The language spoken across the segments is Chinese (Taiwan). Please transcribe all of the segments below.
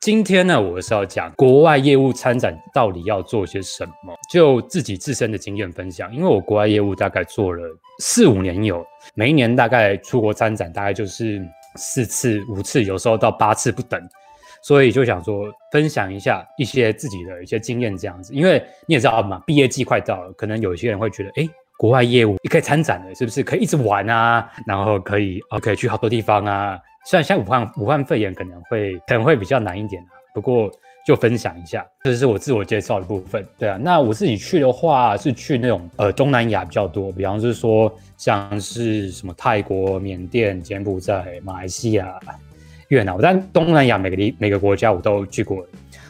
今天呢，我是要講國外業務參展到底要做些什麼，就自己自身的經驗分享。因為我國外業務大概做了四五年有，有每一年大概出國參展大概就是四次五次，有時候到八次不等，所以就想說分享一下一些自己的一些經驗這樣子。因為你也知道嘛，啊、畢業季快到了，可能有些人會覺得，誒、欸，國外業務也可以參展了，是不是？可以一直玩啊，然後可以啊，可以去好多地方啊。雖然像武漢武漢肺炎可能會可能會比較難一點啊，不過就分享一下，這是我自我介紹的部分。對啊，那我自己去的話是去那種呃東南亞比較多，比方是說像是什麼泰國、緬甸、柬埔寨、馬來西亞、越南，我在東南亞每個地每個國家我都去過。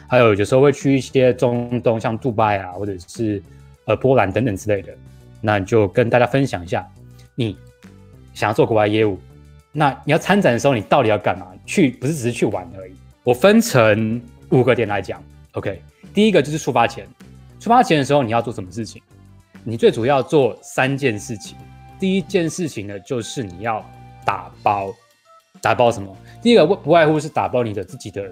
還有有時候會去一些中東，像杜拜啊，或者是呃波蘭等等之類的。那就跟大家分享一下，你想要做國外業務。那你要參展的時候，你到底要幹嘛？去不是只是去玩而已。我分成五個點來講，OK。第一個就是出發前，出發前的時候你要做什麼事情？你最主要做三件事情。第一件事情呢，就是你要打包，打包什麼？第一個不外乎是打包你的自己的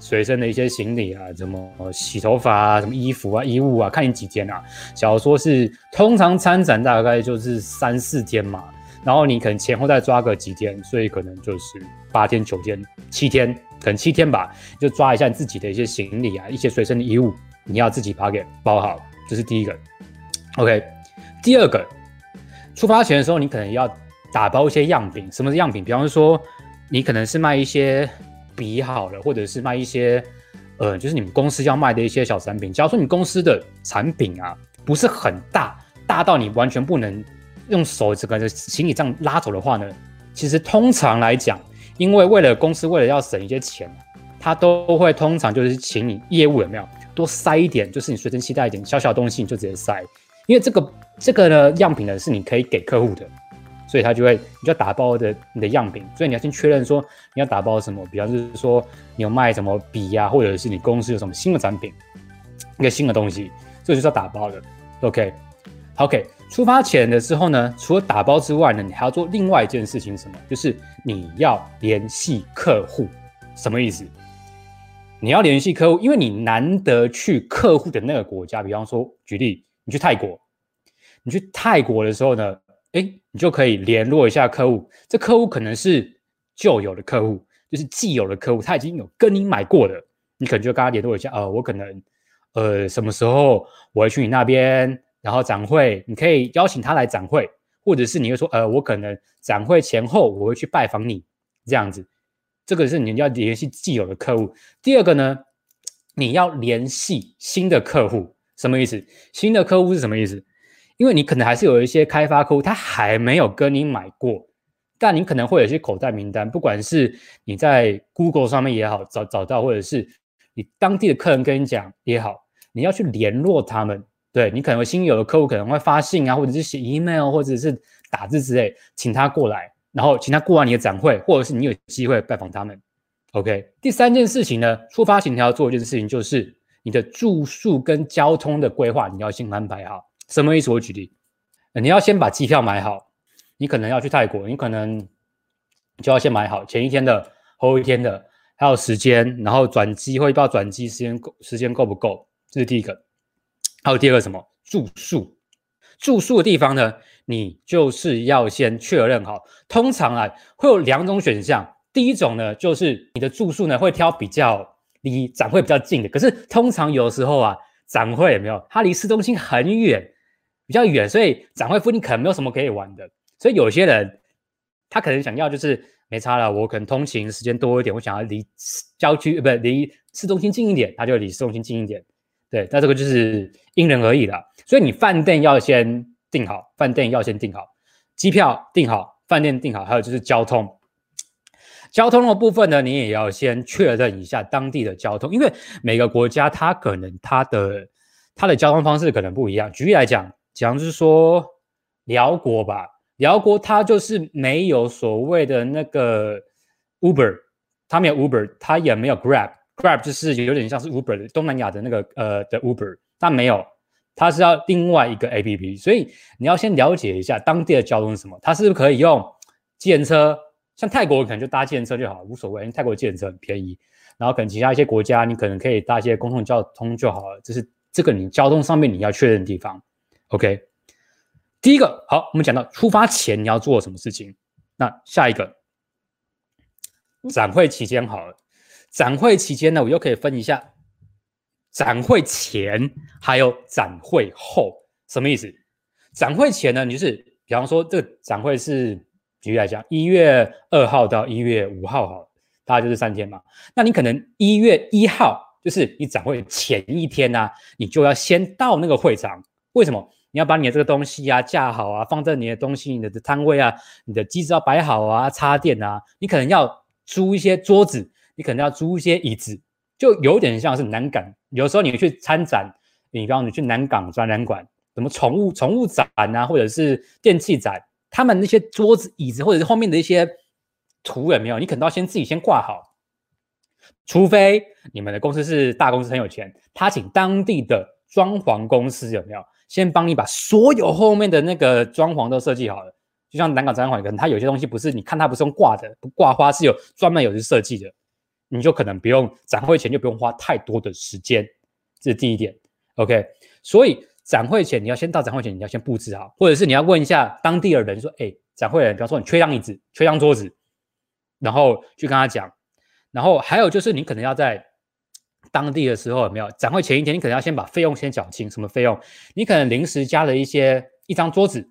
隨身的一些行李啊，什麼洗頭髮啊，什麼衣服啊、衣物啊，看你幾天啊。假如說是通常參展大概就是三四天嘛。然後你可能前後再抓個幾天，所以可能就是八天、九天、七天，可能七天吧，就抓一下你自己的一些行李啊，一些隨身的衣物，你要自己把它給包好，這是第一個。OK，第二個，出發前的時候你可能要打包一些樣品。什麼是樣品？比方說，你可能是賣一些筆好了，或者是賣一些，呃，就是你們公司要賣的一些小產品。假如說你公司的產品啊，不是很大，大到你完全不能。用手整個行李這樣拉走的話呢，其實通常來講，因為為了公司為了要省一些錢，他都會通常就是請你業務有沒有多塞一點，就是你隨身攜帶一點小小東西你就直接塞，因為這個這個呢樣品呢是你可以給客戶的，所以他就會你就要打包的你的樣品，所以你要先確認說你要打包什麼，比方就是說你有賣什麼筆呀、啊，或者是你公司有什麼新的產品，一個新的東西，這個、就就是要打包的，OK，OK。Okay, okay. 出發前的時候呢，除了打包之外呢，你還要做另外一件事情，什麼？就是你要聯繫客戶。什麼意思？你要聯繫客戶，因為你難得去客戶的那個國家，比方說舉例，你去泰國，你去泰國的時候呢，哎、欸，你就可以聯絡一下客戶。這客戶可能是舊有的客戶，就是既有的客戶，他已經有跟你買過的，你可能就跟他聯絡一下啊、呃。我可能呃，什麼時候我要去你那邊。然後展會，你可以邀請他來展會，或者是你會說，呃，我可能展會前後我會去拜訪你，這樣子。這個是你要聯繫既有的客戶。第二個呢，你要聯繫新的客戶，什麼意思？新的客戶是什麼意思？因為你可能還是有一些開發客戶，他還沒有跟你買過，但你可能會有一些口袋名單，不管是你在 Google 上面也好，找找到，或者是你當地的客人跟你講也好，你要去聯絡他們。對，你可能有新有的客戶可能會發信啊，或者是寫 email，或者是打字之類，請他過來，然後請他過完你的展會，或者是你有機會拜訪他們。OK，第三件事情呢，出發前你要做一件事情，就是你的住宿跟交通的規劃，你要先安排好。什麼意思？我舉例，你要先把機票買好，你可能要去泰國，你可能就要先買好前一天的、後一天的，還有時間，然後轉機，會不知道轉機時間夠時間夠不夠，這是第一個。還有第二個什麼住宿，住宿的地方呢，你就是要先確認好。通常啊，會有兩種選項。第一種呢，就是你的住宿呢，會挑比較離展會比較近的。可是通常有時候啊，展會也沒有，它離市中心很遠，比較遠，所以展會附近可能沒有什麼可以玩的。所以有些人他可能想要就是沒差了，我可能通勤時間多一點，我想要離郊區不，呃、離市中心近一點，他就離市中心近一點。對，那這個就是因人而異了。所以你飯店要先訂好，飯店要先訂好，機票訂好，飯店訂好，還有就是交通，交通的部分呢，你也要先確認一下當地的交通，因為每個國家它可能它的它的交通方式可能不一樣。舉例來講，假如是說寮國吧，寮國它就是沒有所謂的那個 Uber，它沒有 Uber，它也沒有 Grab。Grab 就是有點像是 Uber 的東南亞的那個呃的 Uber，但沒有，它是要另外一個 APP，所以你要先了解一下當地的交通是什麼。它是不是可以用計程車，像泰國可能就搭計程車就好，無所謂，因為泰國的計程車很便宜。然後可能其他一些國家你可能可以搭一些公共交通就好了。這、就是這個你交通上面你要確認的地方。OK，第一個好，我們講到出發前你要做什麼事情，那下一個展會期間好了。展會期間呢，我又可以分一下，展會前還有展會後，什麼意思？展會前呢，你就是比方說這個展會是，舉例來講，一月二號到一月五號，哈，大概就是三天嘛。那你可能一月一號，就是你展會前一天呢、啊，你就要先到那個會場，為什麼？你要把你的這個東西啊架好啊，放在你的東西你的攤位啊，你的機子要擺好啊，插電啊，你可能要租一些桌子。你可能要租一些椅子，就有點像是南港。有時候你去參展，你，比如你去南港展覽館，什麼寵物寵物展啊，或者是電器展，他們那些桌子、椅子，或者是後面的一些圖有沒有？你可能要先自己先掛好，除非你們的公司是大公司，很有錢，他請當地的裝潢公司有沒有先幫你把所有後面的那個裝潢都設計好了？就像南港展覽館，可能他有些東西不是，你看它不是用掛的，不掛花是有專門有人設計的。你就可能不用展會前就不用花太多的時間，這是第一點。OK，所以展會前你要先到展會前你要先布置好，或者是你要問一下當地的人說：“哎，展會人，比方說你缺一張椅子、缺一張桌子，然後去跟他講。”然後還有就是你可能要在當地的時候有沒有展會前一天，你可能要先把費用先繳清。什麼費用？你可能臨時加了一些一張桌子，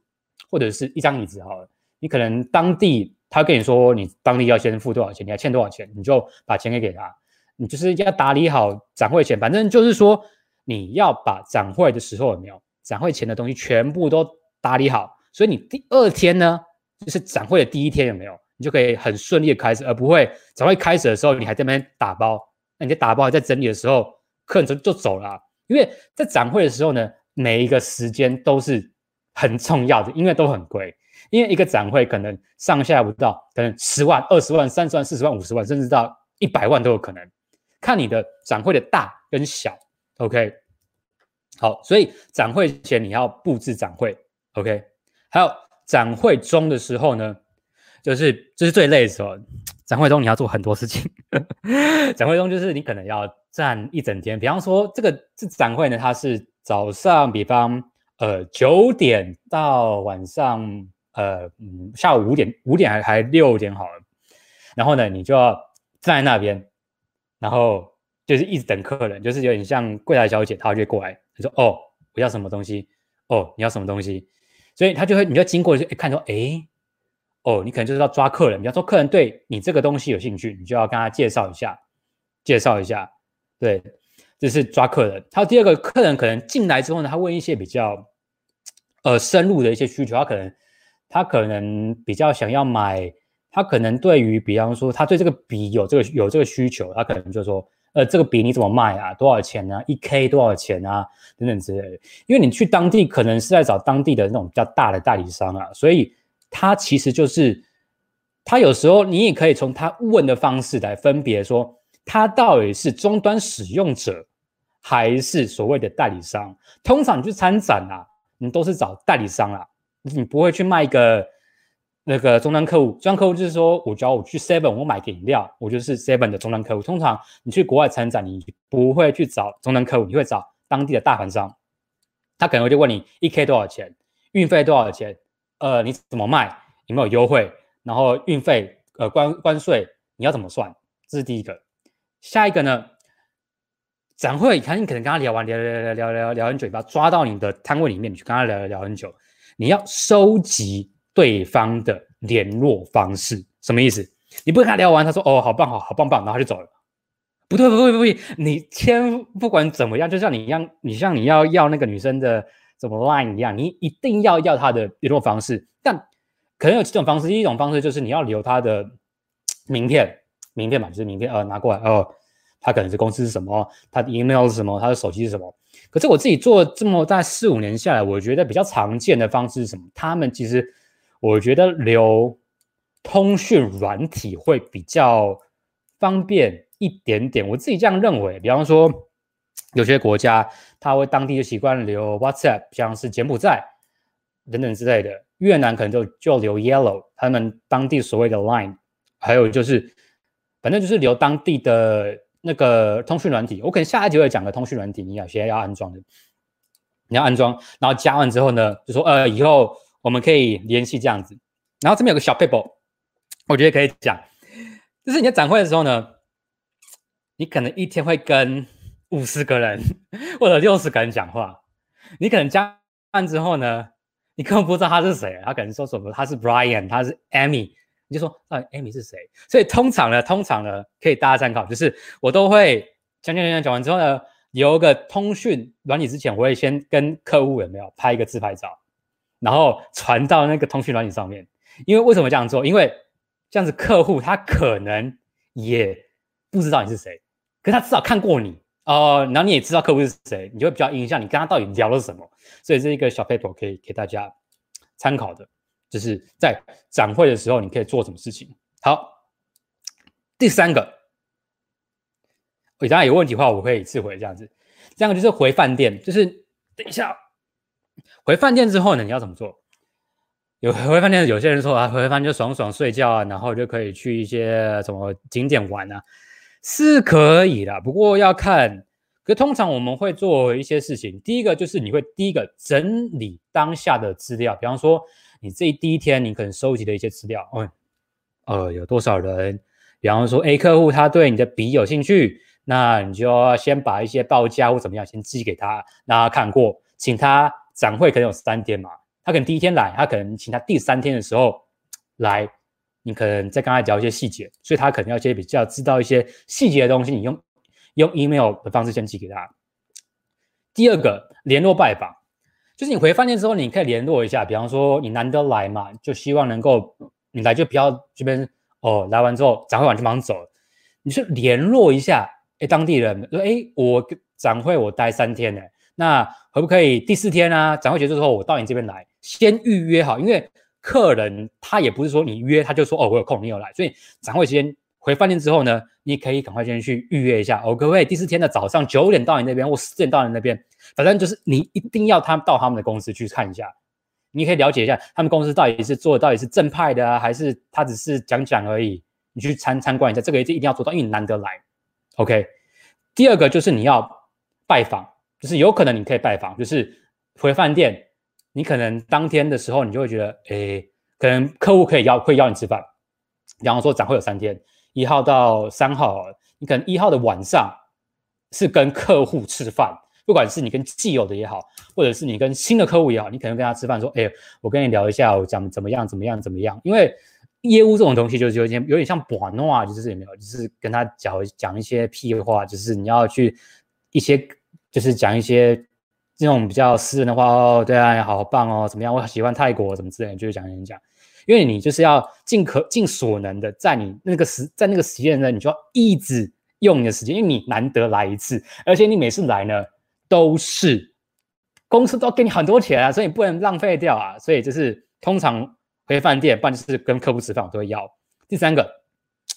或者是一張椅子。好了，你可能當地。他跟你說，你當地要先付多少錢，你要欠多少錢，你就把錢給給他。你就是要打理好展會前，反正就是說你要把展會的時候有沒有，展會前的東西全部都打理好。所以你第二天呢，就是展會的第一天有沒有，你就可以很順利的開始，而不會展會開始的時候你還在那邊打包。那你在打包在整理的時候，客人就就走了啊。因為在展會的時候呢，每一個時間都是很重要的，因為都很貴。因為一個展會可能上下不到，可能十萬、二十萬、三十萬、四十萬、五十萬，甚至到一百萬都有可能，看你的展會的大跟小。OK，好，所以展會前你要布置展會。OK，還有展會中的時候呢，就是就是最累的時候，展會中你要做很多事情。 展會中就是你可能要站一整天，比方說這個這展會呢，它是早上，比方呃九點到晚上。呃，嗯，下午五點，五點還還六點好了。然後呢，你就要站在那邊，然後就是一直等客人，就是有點像櫃台小姐，她就過來，她說：“哦，我要什麼東西？哦，你要什麼東西？”所以她就會，你就經過一看說：“哎，哦，你可能就是要抓客人。比方說客人對你這個東西有興趣，你就要跟他介紹一下，介紹一下，對，這、就是抓客人。還有第二個，客人可能進來之後呢，他問一些比較呃深入的一些需求，他可能。他可能比較想要買，他可能對於比方說，他對這個筆有這個有這個需求，他可能就說，呃，這個筆你怎麼賣啊？多少錢呢？一 k 多少錢啊？啊、等等之類的。因為你去當地，可能是在找當地的那種比較大的代理商啊，所以他其實就是，他有時候你也可以從他問的方式來分別說，他到底是終端使用者，還是所謂的代理商。通常你去參展啊，你都是找代理商啊。你不會去賣一個那個終端客戶，終端客戶就是說，我只要我去 Seven，我買個飲料，我就是 Seven 的終端客戶。通常你去國外參展，你不會去找終端客戶，你會找當地的大盤商。他可能就問你一 K 多少錢，運費多少錢？呃，你怎麼賣？有沒有優惠？然後運費呃關關稅你要怎麼算？這是第一個。下一個呢？展會，你看你可能跟他聊完聊聊聊聊聊聊很久，把抓到你的攤位裡面，你去跟他聊聊聊很久。你要收集對方的聯絡方式，什麼意思？你不跟他聊完，他說哦，好棒，好棒，好棒，棒，然後他就走了。不對，不對，不對，不對，你先不管怎麼樣，就像你一樣，你像你要要那個女生的怎麼 line 一樣，你一定要要她的聯絡方式。但可能有幾種方式，第一種方式就是你要留她的名片，名片嘛，就是名片，呃，拿過來，哦、呃，他可能是公司是什麼，他的 email 是什麼，他的手機是什麼。可是我自己做這麼大四五年下來，我覺得比較常見的方式是什麼？他們其實，我覺得留通訊軟體會比較方便一點點。我自己這樣認為。比方說，有些國家他會當地就習慣留 WhatsApp，像是柬埔寨等等之類的。越南可能就就留 Yellow，他們當地所謂的 Line，還有就是，反正就是留當地的。那個通訊軟體，我可能下一集會講個通訊軟體，你要先要安裝的，你要安裝，然後加完之後呢，就說呃，以後我們可以聯繫這樣子。然後這邊有個小 paper，我覺得可以講，就是你在展會的時候呢，你可能一天會跟五十個人或者六十個人講話，你可能加完之後呢，你根本不知道他是誰，他可能說什麼，他是 Brian，他是 Amy。你就說，呃、啊、Amy、欸、是誰？所以通常呢，通常呢，可以大家參考，就是我都會講講講講講完之後呢，留個通訊軟體之前，我會先跟客戶有沒有拍一個自拍照，然後傳到那個通訊軟體上面。因為為什麼這樣做？因為這樣子客戶他可能也不知道你是誰，可是他至少看過你哦、呃，然後你也知道客戶是誰，你就比較印象你跟他到底聊了什麼。所以這一個小撇步可以給大家參考的。就是在展會的時候，你可以做什麼事情？好，第三個，大家有問題的話，我可以次回這樣子。第二個就是回飯店，就是等一下回飯店之後呢，你要怎麼做？有回飯店，有些人說啊，回飯店就爽爽睡覺啊，然後就可以去一些什麼景點玩啊，是可以的。不過要看，可通常我們會做一些事情。第一個就是你會第一個整理當下的資料，比方說。你這第一天，你可能收集的一些資料，哦、嗯，呃，有多少人？比方說 A 客戶，他對你的筆有興趣，那你就要先把一些報價或怎麼樣先寄給他，讓他看過，請他展會可能有三天嘛，他可能第一天來，他可能請他第三天的時候來，你可能再跟他聊一些細節，所以他可能要先比較知道一些細節的東西，你用用 email 的方式先寄給他。第二個，聯絡拜訪。就是你回飯店之後，你可以聯絡一下，比方說你難得來嘛，就希望能夠你來就不要這邊哦，來完之後展會完就馬上走，你是聯絡一下誒當地人說哎，我展會我待三天呢。」那可不可以第四天啊展會結束之後我到你這邊來先預約好，因為客人他也不是說你約他就說哦我有空你有來，所以展會時間。回飯店之後呢，你可以趕快先去預約一下哦。各位，第四天的早上九點到你那邊，或十點到你那邊，反正就是你一定要他到他們的公司去看一下。你可以了解一下他們公司到底是做的到底是正派的啊，還是他只是講講而已？你去參參觀一下，這個一定一定要做到，因為你難得來。OK，第二個就是你要拜訪，就是有可能你可以拜訪，就是回飯店，你可能當天的時候你就會覺得，哎、欸，可能客戶可以邀，會邀你吃飯，然後說展會有三天，一號到三號，你可能一號的晚上是跟客戶吃飯，不管是你跟既有的也好，或者是你跟新的客戶也好，你可能跟他吃飯說：“哎，我跟你聊一下，我講怎麼樣，怎麼樣，怎麼樣。”因為業務這種東西就是有點有點像白話，就是有沒有，就是跟他講講一些屁話，就是你要去一些，就是講一些這種比較私人的話哦，對啊，你好棒哦，怎麼樣，我喜歡泰國，哦，什麼之類的，就是講一講。講講因為你就是要盡可盡所能的，在你那個時，在那個時間呢，你就要一直用你的時間，因為你難得來一次，而且你每次來呢都是公司都給你很多錢啊，所以你不能浪費掉啊。所以就是通常回飯店辦，就是跟客戶吃飯，我都會要。第三個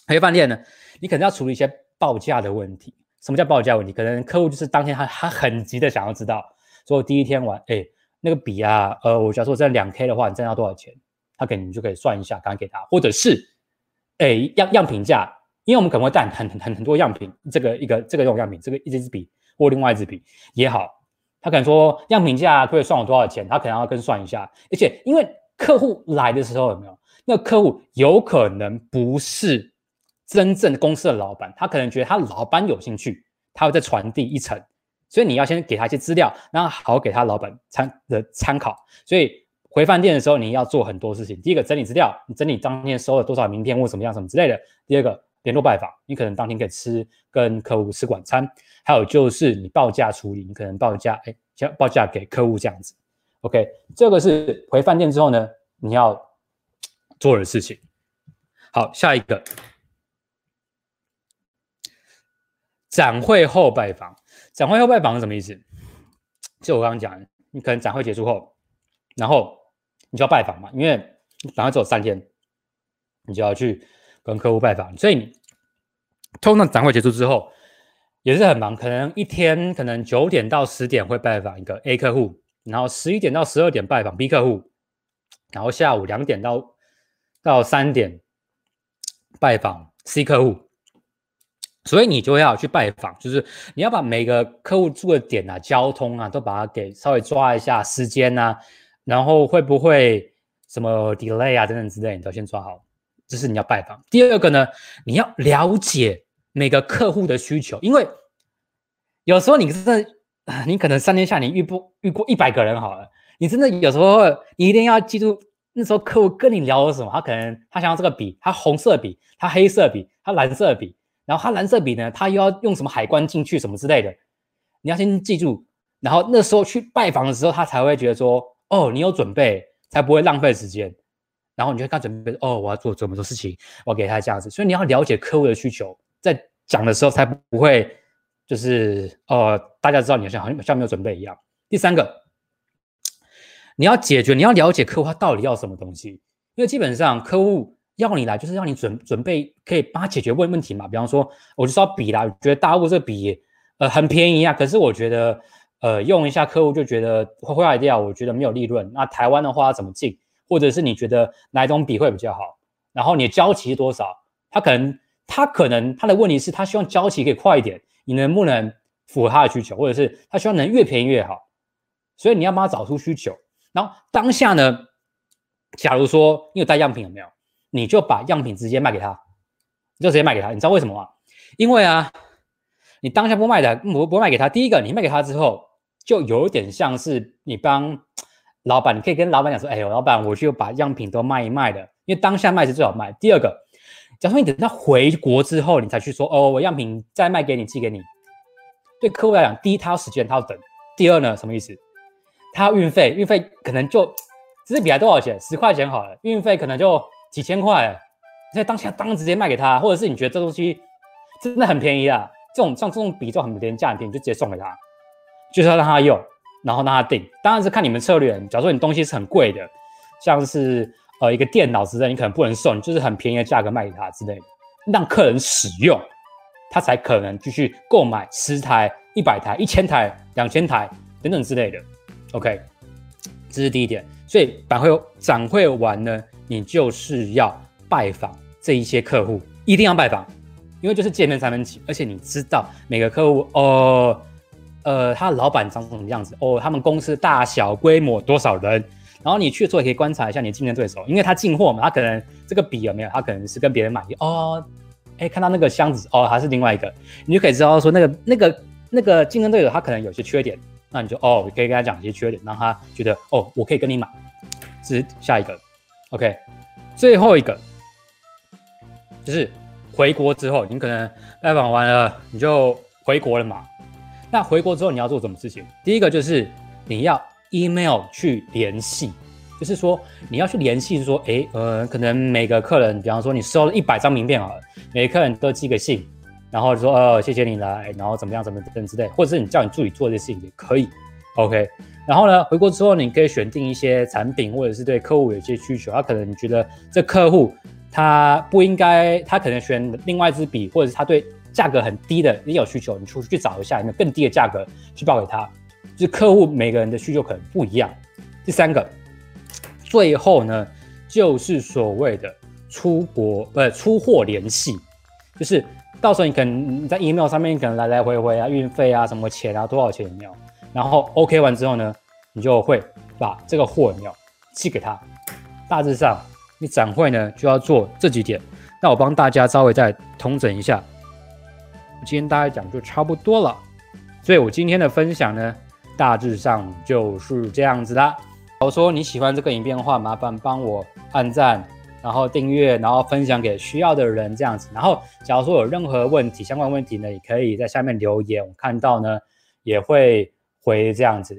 回飯店呢，你可能要處理一些報價的問題。什麼叫報價問題？可能客戶就是當天他他很急的想要知道，說我第一天晚，哎那個筆啊，呃，我假如說我這兩 k 的話，你掙到多少錢？他可能你就可以算一下，剛剛給他，或者是，哎、欸、樣樣品價，因為我們可能會帶很很很多樣品，這個一個這個用樣品，這個一支筆或另外一支筆也好，他可能說樣品價可以算我多少錢，他可能要跟算一下，而且因為客戶來的時候有沒有，那客戶有可能不是真正公司的老闆，他可能覺得他老闆有興趣，他會再傳遞一層，所以你要先給他一些資料，然後好給他老闆參的參考，所以。回飯店的時候，你要做很多事情。第一個，整理資料，你整理當天收了多少名片或什麼樣什麼之類的。第二個，聯絡拜訪，你可能當天可以吃跟客戶吃晚餐，還有就是你報價處理，你可能報價，哎、欸，叫報價給客戶這樣子。OK，這個是回飯店之後呢，你要做的事情。好，下一個，展會後拜訪。展會後拜訪是什麼意思？就我剛剛講，你可能展會結束後，然後。你就要拜訪嘛，因為展會只有三天，你就要去跟客戶拜訪。所以通常展會結束之後也是很忙，可能一天可能九點到十點會拜訪一個 A 客戶，然後十一點到十二點拜訪 B 客戶，然後下午兩點到到三點拜訪 C 客戶。所以你就要去拜訪，就是你要把每個客戶住的點啊、交通啊都把它給稍微抓一下，時間啊。然後會不會什麼 delay 啊等等之類，你都先抓好，這、就是你要拜訪。第二個呢，你要了解每個客戶的需求，因為有時候你真的，你可能三天下你遇不遇過一百個人好了，你真的有時候會，你一定要記住，那時候客戶跟你聊什麼，他可能他想要這個筆，他紅色筆，他黑色筆，他藍色筆，然後他藍色筆呢，他又要用什麼海關進去什麼之類的，你要先記住，然後那時候去拜訪的時候，他才會覺得說。哦，你有準備才不會浪費時間，然後你就開始準備哦，我要做這麼多事情，我要給他這樣子，所以你要了解客戶的需求，在講的時候才不會就是哦、呃，大家知道你好像好像沒有準備一樣。第三個，你要解決，你要了解客戶他到底要什麼東西，因為基本上客戶要你來就是讓你準準備，可以幫他解決問問題嘛。比方說，我就要比啦，覺得大物這筆呃很便宜啊，可是我覺得。呃，用一下客戶就覺得會壞掉，我覺得沒有利潤。那台灣的話怎麼進？或者是你覺得哪一種筆會比較好？然後你的交期是多少？他可能他可能他的問題是，他希望交期可以快一點，你能不能符合他的需求？或者是他希望能越便宜越好？所以你要幫他找出需求。然後當下呢，假如說你有帶樣品有沒有？你就把樣品直接賣給他，你就直接賣給他。你知道為什麼嗎？因為啊，你當下不賣的不不賣給他。第一個，你賣給他之後。就有點像是你幫老闆，你可以跟老闆講說，哎，老闆，我就把樣品都賣一賣的，因為當下賣是最好賣。第二個，假如你等他回國之後，你才去說，哦，我樣品再賣給你，寄給你，對客戶來講，第一他要時間，他要等；第二呢，什麼意思？他運費，運費可能就，一支筆才多少錢？十塊錢好了，運費可能就幾千塊。所以當下當下直接賣給他，或者是你覺得這東西真的很便宜的，這種像這種筆就很廉價的，你就直接送給他。就是要讓他用，然後讓他定。當然是看你們策略。假如說你東西是很貴的，像是呃一個電腦之類，你可能不能送，就是很便宜的價格賣給他之類的。讓客人使用，他才可能繼續購買十台、一百台、一千台、兩千台等等之類的。OK，這是第一點。所以展會展會完呢，你就是要拜訪這一些客戶，一定要拜訪，因為就是見面三分情，而且你知道每個客戶哦。呃呃，他老闆長什麼樣子？哦，他們公司大小規模多少人？然後你去做可以觀察一下你的競爭對手，因為他進貨嘛，他可能這個筆有沒有，他可能是跟別人買。哦，哎、欸，看到那個箱子，哦，還是另外一個，你就可以知道說那個那個那個競爭對手他可能有些缺點，那你就哦我可以跟他講一些缺點，讓他覺得哦我可以跟你買。是下一個，OK，最後一個就是回國之後，你可能拜訪完了，你就回國了嘛。那回國之後你要做什麼事情？第一個就是你要 email 去聯繫，就是說你要去聯繫，說、欸、哎，呃，可能每個客人，比方說你收了一百張名片好了，每個客人都寄個信，然後就說哦、呃，謝謝你來，欸、然後怎麼樣怎麼樣之類，或者是你叫你助理做這些事情也可以。OK，然後呢，回國之後你可以選定一些產品，或者是對客戶有些需求，他、啊、可能你覺得這客戶他不應該，他可能選另外一支筆，或者是他對。價格很低的，你有需求，你出去找一下，有沒有更低的價格去報給他。就是客戶每個人的需求可能不一樣。第三個，最後呢，就是所謂的出國呃出貨聯繫，就是到時候你可能你在 email 上面你可能來來回回啊，運費啊什麼錢啊多少錢有沒有？然後 OK 完之後呢，你就會把這個貨有沒有寄給他。大致上，你展會呢就要做這幾點。那我幫大家稍微再統整一下。今天大概講就差不多了，所以我今天的分享呢，大致上就是這樣子啦。如果說你喜歡這個影片的話，麻煩幫我按讚，然後訂閱，然後分享給需要的人這樣子。然後，假如說有任何問題，相關問題呢，也可以在下面留言，我看到呢也會回這樣子。